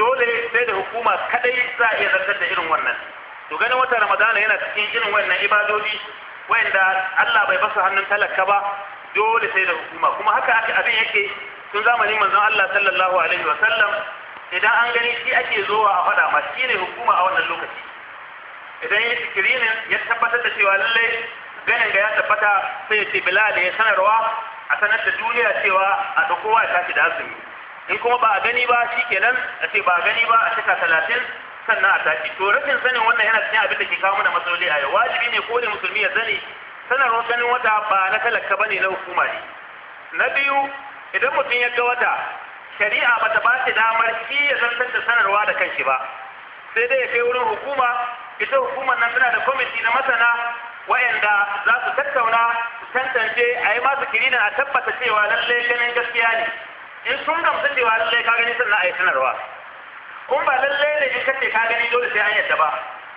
dole sai da hukuma kadai za a iya zartar da irin wannan to ganin wata ramadana yana cikin irin wannan ibadodi wanda Allah bai basu hannun talaka ba dole sai da hukuma kuma haka aka abin yake tun zamanin manzon Allah sallallahu alaihi wa sallam idan an gani shi ake zowa a fada ma shi ne hukuma a wannan lokaci idan ya sikirinin ya tabbatar da cewa lallai ganin ga ya tabbata sai ya ce bilal ya sanarwa a sanar da duniya cewa a ɗauko wa tashi da azumi in kuma ba a gani ba shi kenan a ce ba a gani ba a cika talatin sannan a tafi. to rashin sanin wannan yana cikin abin da ke kawo mana matsaloli a yau wajibi ne ko musulmi ya sani sanarwar ganin wata ba na talaka ba ne na hukuma ne na biyu idan mutum ya ga wata shari'a ba ta ba damar shi ya zantar da sanarwa da kanshi ba sai dai ya kai wurin hukuma ita hukumar nan tana da kwamiti na masana wayanda za su tattauna su tantance a yi masu kirinin a tabbata cewa lallai ganin gaskiya ne in eh, sun gamsu cewa lallai ka gani sannan a yi sanarwa kun ba lallai ne in kace ka gani dole sai an yadda ba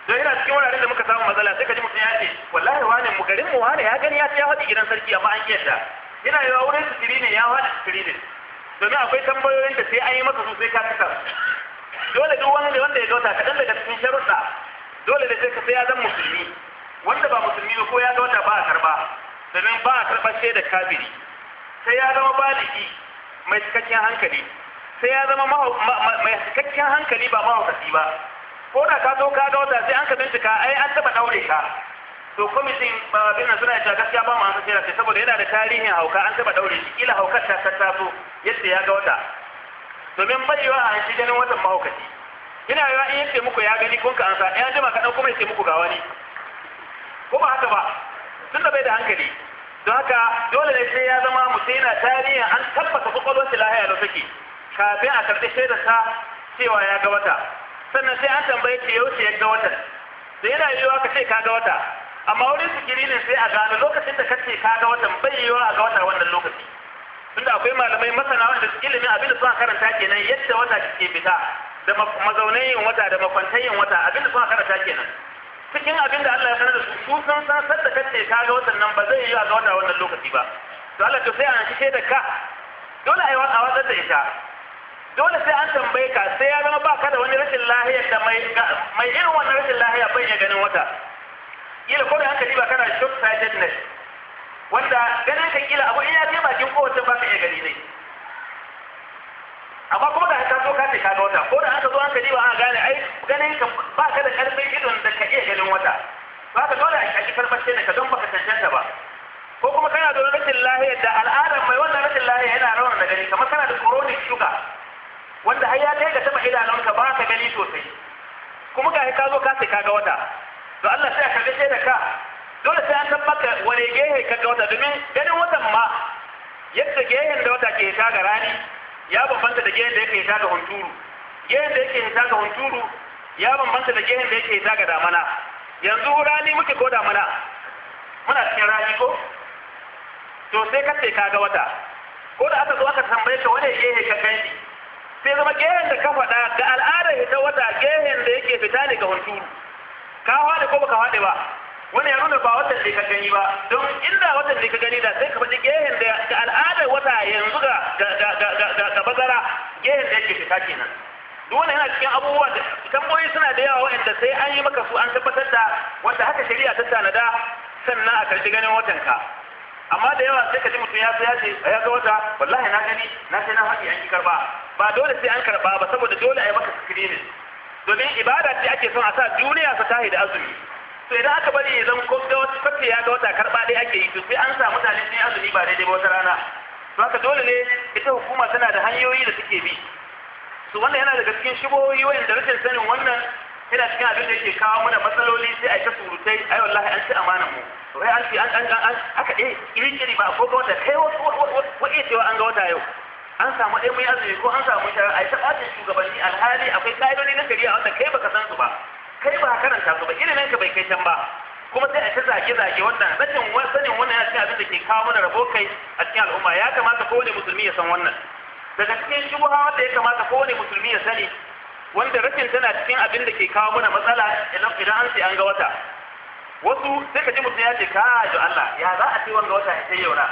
don yana cikin wuraren da muka samu matsala sai ka ji mutum ya ce wallahi wane mu garin mu wane ya gani ya ce ya faɗi gidan sarki amma an yadda yana yawa wurin su ne ya faɗi su ne domin akwai tambayoyin da sai an yi maka su sai ka kasa dole duk wani wanda ya gauta kaɗan daga cikin sharuɗa dole da sai ka sai ya zan musulmi wanda ba musulmi ba ko ya gauta ba a karɓa domin ba a karɓa shaidar kafiri sai ya zama baligi mai cikakken hankali sai ya zama mai cikakken hankali ba mahaukaci ba ko da ka zo ka ga wata sai an ka bincika ai an taba daure ka to kwamitin ba bin nan suna cewa gaskiya ba mu an sai saboda yana da tarihin hauka an taba daure shi kila haukar ta so yadda ya ga wata domin bayyana a shi ganin watan mahaukaci ina yawa in yace muku ya gani kun ka ansa ya jima kaɗan kuma yace muku ga wani ko ba haka ba tunda bai da hankali don haka dole ne sai ya zama mutum yana tarihin an tabbata kwakwalwarsa lahiya da take kafin a karɓi sa cewa ya ga wata sannan sai an tambayi ce yaushe ya ga watan da yana yiwuwa ka ce ka ga wata amma wurin sikiri ne sai a gano lokacin da ka ce ka ga watan bai yiwuwa a ga wata wannan lokaci tunda akwai malamai masana wanda ilimin abin da suka karanta kenan yadda wata ke fita da mazaunayin wata da makwantayin wata abin da suka karanta kenan cikin abin da Allah ya sanar da su su sun san sadda kace ka ga watan nan ba zai yi a ga wannan lokaci ba to Allah to sai an shi da ka dole ai wata wata da ita dole sai an tambaye ka sai ya zama baka da wani rashin lahiya da mai mai irin wannan rashin lahiya bai ya ganin wata kila ko da hankali ba kana short sightedness wanda ganin ka kila abu in ya je bakin kowace ba ka iya gani ne amma kuma da ka zo ka ce ka ga wata ko da aka zo aka ba aka gane ai ganin ka ba ka da karfin idon da ka iya ganin wata ba ka dole a ki farfashe ne ka don baka cancanta ba ko kuma kana da rashin lahiya da al'adar mai wannan rashin lahiya yana rawar da gani kamar kana da chronic sugar wanda har ya kai ga taba idanunka ba ka gani sosai kuma ga ka zo ka ce ka ga wata to Allah sai ka ga da ka dole sai an tabbata wani gehe ka ga wata domin ganin wata ma yadda gehen da wata ke ta ga rani ya bambanta da gehen da yake hita ga hunturu gehen da yake hita ga hunturu ya bambanta da gehen da yake hita ga damana yanzu rani muke ko damana muna cikin rani ko to sai ka ce ka ga wata ko da aka zo aka tambaye ka wani gehe ka kanshi sai zama gehen da ka faɗa ga al'adar hita wata gehen da yake fita ne ga hunturu ka haɗe ko baka haɗe ba wani ya nuna ba watan ne ka gani ba don inda watan ne ka gani da sai ka faɗi gehen da ga al'adar wata yanzu ga ga bazara gehen da yake fita kenan duk wannan yana cikin abubuwa da tamboyi suna da yawa waɗanda sai an yi maka su an tabbatar da wanda haka shari'a ta tanada sannan a karshe ganin watan ka amma da yawa sai ka ji mutum ya so ya ce ya ga wata wallahi na gani na sai na haɗi an yi karɓa ba dole sai an karba ba saboda dole a yi maka screening domin ibada ce ake son a sa duniya ta tahi da azumi to idan aka bari zan ko ga wata fakke ya ga wata karba dai ake yi to sai an sa mutane ne azumi ba daidai ba wata rana to haka dole ne ita hukuma tana da hanyoyi da suke bi su wannan yana daga cikin shigohi wanda rashin sanin wannan yana cikin abin da yake kawo mana matsaloli sai a yi ta surutai ai wallahi an ci amanan mu to ai an ci an an an haka eh kirkiri ba ko ga wata kai wace cewa an ga wata yau an samu ɗaya mai azumi ko an samu shara a yi ta ɓacin shugabanni alhali akwai ƙa'idodi na shari'a wanda kai baka san su ba kai ba karanta su ba ilimin ka bai kai can ba kuma sai a ta zage-zage wannan rashin sanin wannan ya ce abin da ke kawo mana rabo kai a cikin al'umma ya kamata kowane musulmi ya san wannan daga cikin shubuha wanda ya kamata kowane musulmi ya sani wanda rashin tana cikin abin da ke kawo mana matsala idan an ce an ga wata wasu sai ka ji mutum ya ce ka ji Allah ya za a ce wanga wata ya ce yau na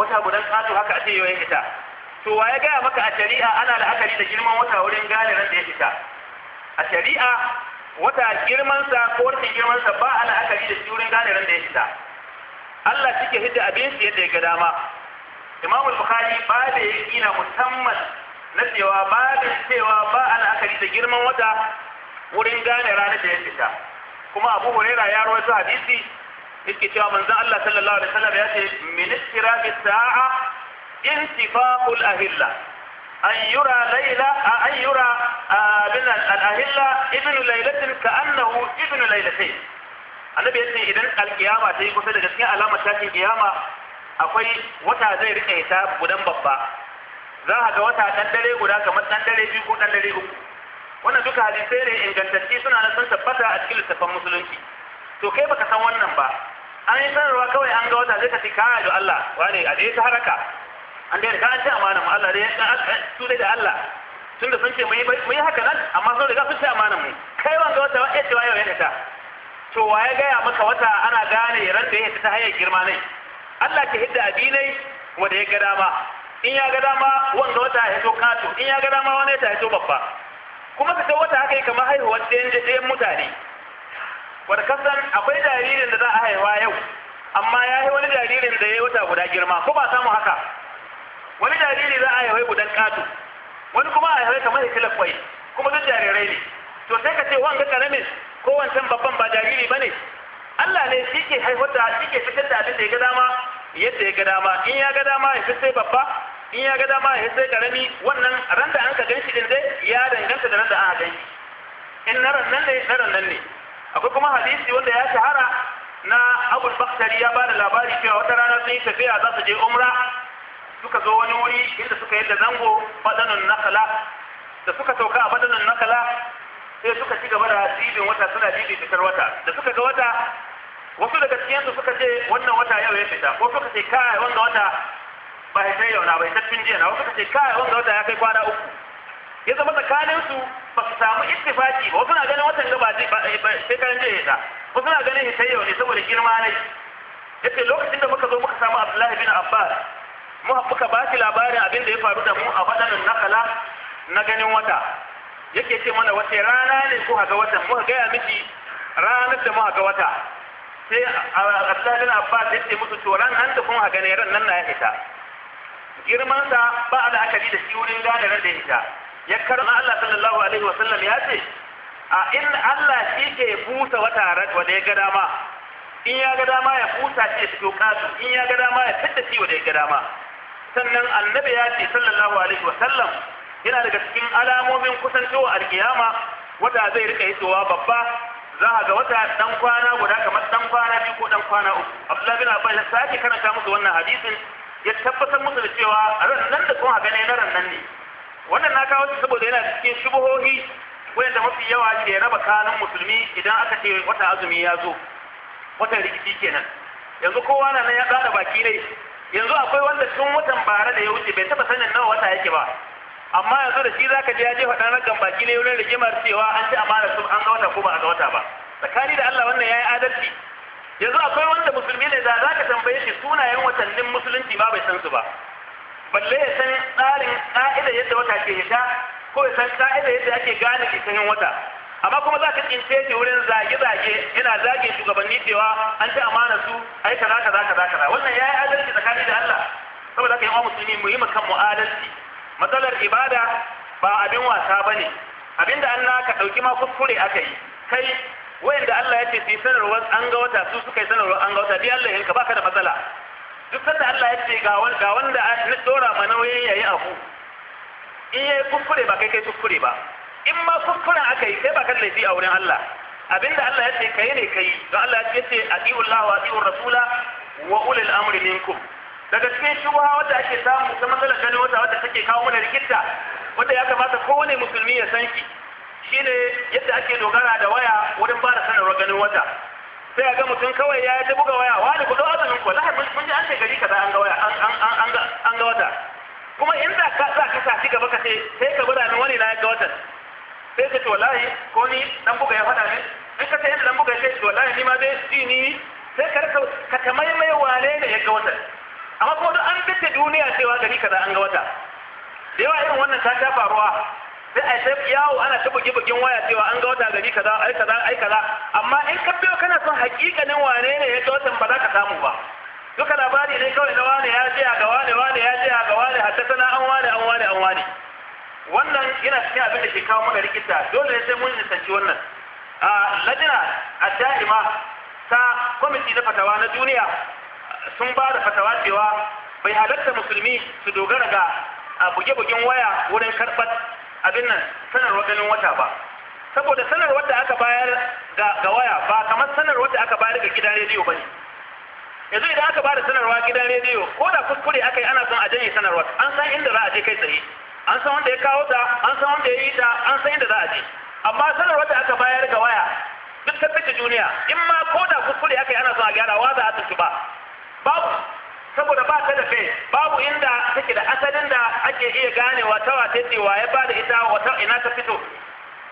wata gudan kato haka a ce yau ya fita to wa ya gaya maka a shari'a ana la'akari da girman wata wurin gane ran da ya fita a shari'a wata girmansa ko rashin girmansa ba a la'akari da shi wurin gane ran da ya fita Allah shi hidda abin shi yadda ya ga dama Imam Bukhari ba da ya kina musamman na cewa ba da cewa ba a la'akari da girman wata wurin gane ranar da ya fita kuma Abu Hurairah ya rawaito hadisi yake cewa manzon Allah sallallahu alaihi wasallam ya ce min istirabi sa'a intifaqul ahilla an yura laila a an yura bin al'ahilla ibn lailatin ka annahu ibn lailatin annabi idan alkiyama ta yi kusa da gaskiya alamar tashin kiyama akwai wata zai rike ita gudan babba za a ga wata dan dare guda kamar dan dare biyu ko dan dare uku wannan duka hadisai ne ingantacci suna na sun tabbata a cikin littafin musulunci to kai baka san wannan ba an yi sanarwa kawai an ga wata zai ka kaya da Allah wane a da ta haraka an gane ka an ce amana mu Allah dai su dai da Allah tun da sun ce mai yi haka nan amma sun riga sun ce amana mu kai wanda wata wa ce wa yau ya ta to wa ya gaya maka wata ana gane ran da ya ta haye girma ne Allah ke hidda abinai wanda ya ga dama in ya ga dama wanda wata ya to kato in ya ga dama wani ta ya to babba kuma ka wata haka yi kamar haihuwar ɗayan mutane ka kasan akwai jaririn da za a haihuwa yau amma ya yi wani jaririn da ya yi wata guda girma ko ba samu haka wani jariri za a haihu gudan ƙato wani kuma a yawai kamar ita kwai kuma duk jarirai ne to sai ka ce ga karamin ko wancan babban ba jariri ba ne Allah ne shi ke haifar da shi ke fitar da abin da ya ga dama yadda ya ga dama in ya ga dama ya fitar babba in ya ga dama ya sai karami wannan ran da an ka ganshi din dai ya danganta da ran da aka ganshi in na ran nan ne na ran nan ne akwai kuma hadisi wanda ya shahara na abul baktari ya bada labari cewa wata rana sun yi tafiya za su je umra suka zo wani wuri inda suka yadda zango badanun nakala da suka sauka a badanun nakala sai suka ci gaba da dibin wata suna dibi fitar wata da suka ga wata wasu daga cikinsu suka ce wannan wata yau ya fita ko suka ce kai wanga wata ba ya kai yau na ba ya tattun jiya na wasu suka ce kai wanga wata ya kai kwana uku ya zama tsakaninsu ba su samu ittifaki ba wasu na ganin watan gaba sai kan je ta wasu na ganin sai yau ne saboda girma ne yace lokacin da muka zo muka samu Abdullahi bin Abbas Mu muka ba shi labarin abin da ya faru da mu a wadannan nakala na ganin wata yake ce mana wace rana ne a ga Mu ga ya miki ranar da a ga wata sai a bin Abbas ya ce musu to ran an da kun haga ne ran nan na ya fita girman sa ba al'akari da shi wurin gane ran da ya fita ya na Allah sallallahu alaihi wa sallam ya ce a in Allah shi ke busa wata ran wanda ya ga dama in ya ga dama ya busa shi ya fito kasu in ya ga dama ya fitta shi wanda ya ga dama sannan annabi ya ce sallallahu alaihi wa sallam yana daga cikin alamomin kusancewa alkiyama wata zai rika hitsowa babba za a ga wata dan kwana guda kamar dan kwana biyu ko dan kwana uku abdullahi bin abbas ya sake karanta musu wannan hadisin ya tabbatar musu da cewa ran nan da kuma gane na ran ne wannan na kawo shi saboda yana cikin shubuhohi wanda mafi yawa ke raba kanun musulmi idan aka ce wata azumi ya zo watan rikici kenan yanzu kowa na nan ya tsara baki ne yanzu akwai wanda tun wata bara da ya wuce bai taba sanin nawa wata yake ba amma yanzu da shi zaka je ya je ran ragan baki ne wurin rigimar cewa an ci amana su an ga wata ko ba a ga wata ba tsakani da Allah wannan yayi adalci yanzu akwai wanda musulmi ne da zaka tambaye shi sunayen watannin musulunci ba bai san su ba balle ya san tsarin ka'ida yadda wata ke hita ko ya san ka'ida yadda ake gane ke sanin wata amma kuma za ka tsince shi wurin zage-zage yana zage shugabanni cewa an ci amana su ai yi kaza kaza kaza wannan yayi adalci tsakani da Allah uwa musulmi mu yi mu kan mu'adalci matsalar ibada ba abin wasa ba ne. abinda an naka ɗauki ma kuskure yi. kai wayanda Allah ya ce su yi sanarwar an ga wata su suka yi sanarwar an ga wata bi Allah yanka baka da matsala duk sanda Allah ya ce ga wanda ga wanda an dora ma ya yi abu in ya yi kuskure ba kai kai kuskure ba in ma kuskuren aka yi kai ba kan laifi a wurin Allah abinda Allah ya ce kai ne kai don Allah ya ce a atiullahu wa atiur rasula wa ulil amri minkum daga cikin shugaba wadda ake samu ta matsalar ganin wata wadda take kawo mana rikitta wadda ya kamata kowane musulmi ya san shi shine yadda ake dogara da waya wurin ba da sanarwar ganin wata sai ga mutum kawai ya yi buga waya wani kudu azumin ku lahar mun ji an ce gari kaza an ga waya an ga wata kuma in za ka sa ka sa ci gaba ka ce sai ka gwada ni wani na ga watan sai ka ce wallahi ko ni dan buga ya faɗa ne? in ka ce yadda dan buga ya ce wallahi ni ma dai ni sai ka ka ka tamaimai wane ne ya ga watan amma ko an dace duniya cewa gari kaza an ga wata da yawa irin wannan ta ta faruwa sai a sai yawo ana ta bugi bugin waya cewa an ga wata gari kaza ai kaza ai kaza amma in ka biyo kana son hakikanin wane ne ya ga watan ba za ka samu ba duka labari ne kawai na wane ya je ga wane wane ya je ga wane haddasa na an wane an wane an wane wannan yana cikin abin da ke kawo mana rikita dole ne sai mun nisanci wannan a lajina a da'ima ta kwamiti na fatawa na duniya sun ba da fatawa cewa bai halatta musulmi su dogara ga buge-bugen waya wurin karɓar abin nan sanarwar ganin wata ba saboda sanarwar da aka bayar ga waya ba kamar sanarwar da aka bayar ga gidan rediyo ba ne yanzu idan aka bada sanarwa gidan rediyo ko da kuskure aka yi ana son a janye sanarwar an san inda za a je kai tsaye an san wanda ya kawo ta an san wanda ya yi ta an san inda za a je amma sanarwar da aka bayar ga waya duk ta duniya in ma ko da kuskure aka yi ana son a gyara wa za a ba. babu saboda ba ta da kai babu inda take da asalin da ake iya ganewa ta wace ce wa ya bada ita wata ina ta fito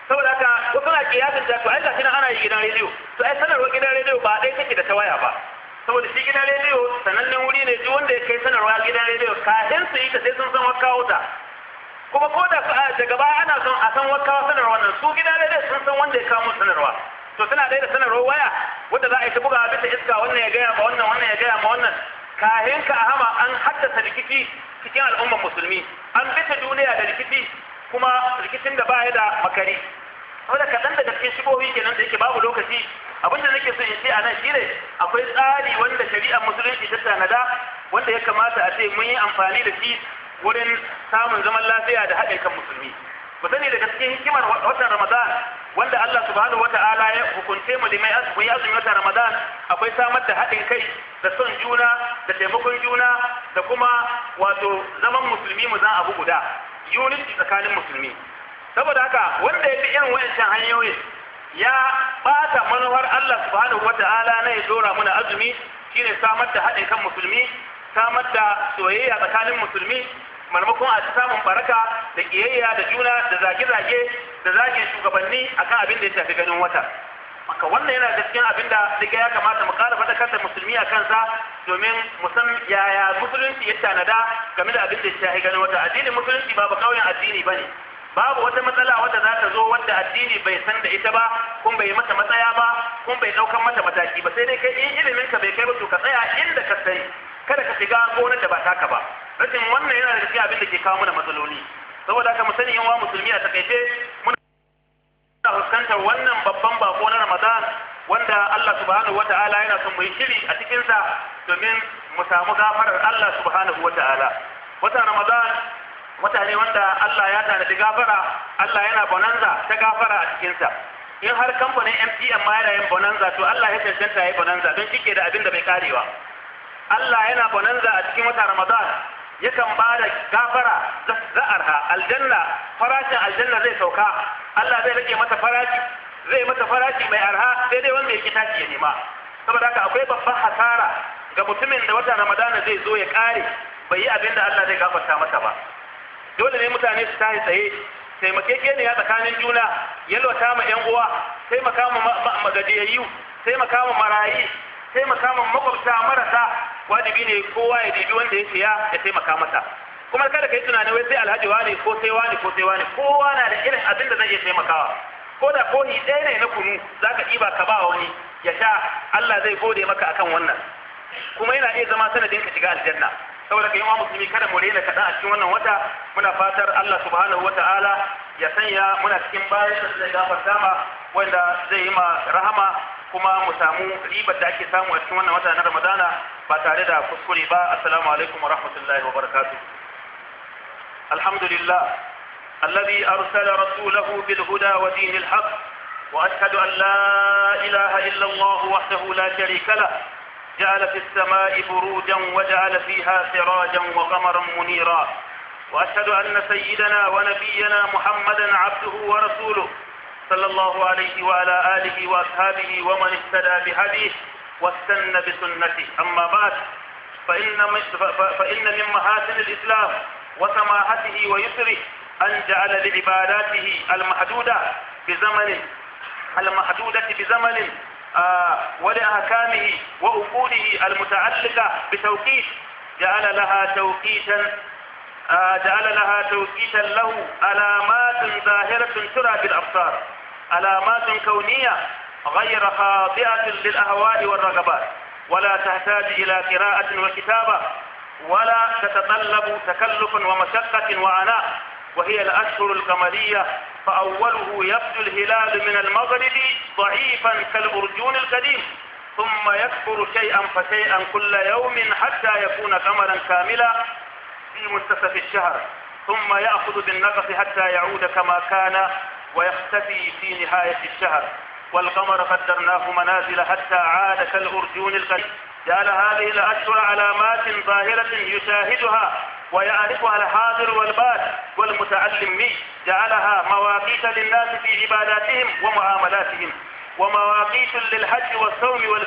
saboda ka ko kana kiyasin ta to ai ga ana yi gidan rediyo to ai sanarwa gidan rediyo ba dai take da ta waya ba saboda shi gidan rediyo sanannen wuri ne duk wanda ya kai sanarwa gidan rediyo kafin su yi ta sai sun san wa kawo ta kuma ko da ah, daga baya ana son a san wa kawo sanarwa nan su gidan rediyo sun san wanda ya kawo sanarwa to suna da sanarwar waya wanda za a yi buga bisa iska wannan ya gaya ma wannan wannan ya gaya ma wannan kahin ka a hama an haddasa rikici cikin al'ummar musulmi an bita duniya da rikici kuma rikicin da ya da makari saboda kaɗan daga cikin shigohi kenan da yake babu lokaci abinda nake so in ce a nan shine akwai tsari wanda shari'ar musulunci ta tanada wanda ya kamata a ce mun yi amfani da shi wurin samun zaman lafiya da haɗin kan musulmi ku sani daga cikin hikimar watan ramadan wanda Allah subhanahu wata'ala ya hukunce mu limai azumi azumi wata Ramadan akwai samar da haɗin kai da son juna da taimakon juna da kuma wato zaman musulmi mu za abu guda unity tsakanin musulmi saboda haka wanda ya fi irin wayancan hanyoyin ya bata manufar Allah subhanahu wata'ala na ya dora mana azumi shine samar da haɗin kan musulmi samar da soyayya tsakanin musulmi maimakon a samun baraka da kiyayya da juna da zage-zage da zagin shugabanni akan abin da ya shafi ganin wata maka wannan yana da cikin abin da daga ya kamata mu kara fadakar kansa musulmi a kansa domin mu san yaya musulunci ya tanada game da abin da ya shafi ganin wata addinin musulunci ba kauyen addini ba ne babu wata matsala wadda za ta zo wadda addini bai san da ita ba kun bai mata matsaya ba kun bai daukan mata mataki ba sai dai kai in ilimin ka bai kai ba to ka tsaya inda ka sani kada ka shiga gonar da ba taka ba rashin wannan yana da cikin abin da ke kawo mana matsaloli saboda haka mu sani yan wa musulmi a takaice muna fuskantar wannan babban bako na Ramadan wanda Allah subhanahu wata'ala yana son mu yi shiri a cikinsa domin mu samu gafarar Allah subhanahu wata Ramadan wata wanda Allah ya tanadi gafara Allah yana bonanza ta gafara a cikinsa. in har kamfanin MTN ma yana yin bonanza to Allah ya cancanta ya bonanza don shi da abin da bai karewa Allah yana bonanza a cikin wata Ramadan yakan ba da gafara za'arha aljanna farashin aljanna zai sauka Allah zai rage mata farashi zai mata farashi mai arha sai dai wanda yake tashi ya nema saboda haka akwai babban hasara ga mutumin da wata ramadana zai zo ya kare bai yi abin da Allah zai gafarta masa ba dole ne mutane su tashi tsaye taimakekeniya tsakanin juna yalwata ma yan uwa taimaka ma magajiyayyu taimaka ma marayi taimaka ma makwabta marasa wajibi ne kowa ya dibi wanda ya siya ya taimaka masa kuma kada ka yi tunanin wai sai alhaji wani ko sai wani ko sai wani kowa na da irin abin da zai iya taimakawa ko da kohi ɗaya ne na kunu za ka ɗiba ka ba wani ya sha Allah zai gode maka akan wannan kuma yana iya zama sanadin ka shiga aljanna saboda kai yi wa musulmi kada mu rena kaɗan a cikin wannan wata muna fatar Allah subhanahu wata'ala ya sanya muna cikin bayan da zai gafarta ma wanda zai yi ma rahama kuma mu samu ribar da ake samu a cikin wannan wata na ramadana ba tare da kuskure ba assalamu alaikum wa rahmatullahi wa barakatuh alhamdulillah alladhi arsala rasulahu bil huda wa dinil haqq wa ashhadu an la ilaha illa allah wahdahu la sharika la ja'ala fis samai burujan wa ja'ala fiha sirajan wa qamaran munira wa ashhadu anna sayyidana wa nabiyyana muhammadan abduhu wa rasuluhu صلى الله عليه وعلى آله وأصحابه ومن اهتدى بهديه واستنى بسنته أما بعد فإن, فإن من محاسن الإسلام وسماحته ويسره أن جعل لعباداته المحدودة بزمن المحدودة بزمن آه، ولأحكامه وأقوله المتعلقة بتوقيت جعل لها توقيتا آه، جعل لها توقيتا له علامات ظاهرة ترى بالأبصار علامات كونية غير خاطئة للأهواء والرغبات ولا تحتاج إلى قراءة وكتابة ولا تتطلب تكلف ومشقة وعناء وهي الأشهر القمرية فأوله يبدو الهلال من المغرب ضعيفا كالأرجون القديم ثم يكبر شيئا فشيئا كل يوم حتى يكون قمرا كاملا في منتصف الشهر ثم يأخذ بالنقص حتى يعود كما كان ويختفي في نهاية الشهر والقمر قدرناه منازل حتى عاد كالأرجون القديم جعل هذه الأشهر علامات ظاهرة يشاهدها ويعرفها الحاضر والباد والمتعلم جعلها مواقيت للناس في عباداتهم ومعاملاتهم ومواقيت للحج والصوم والفطر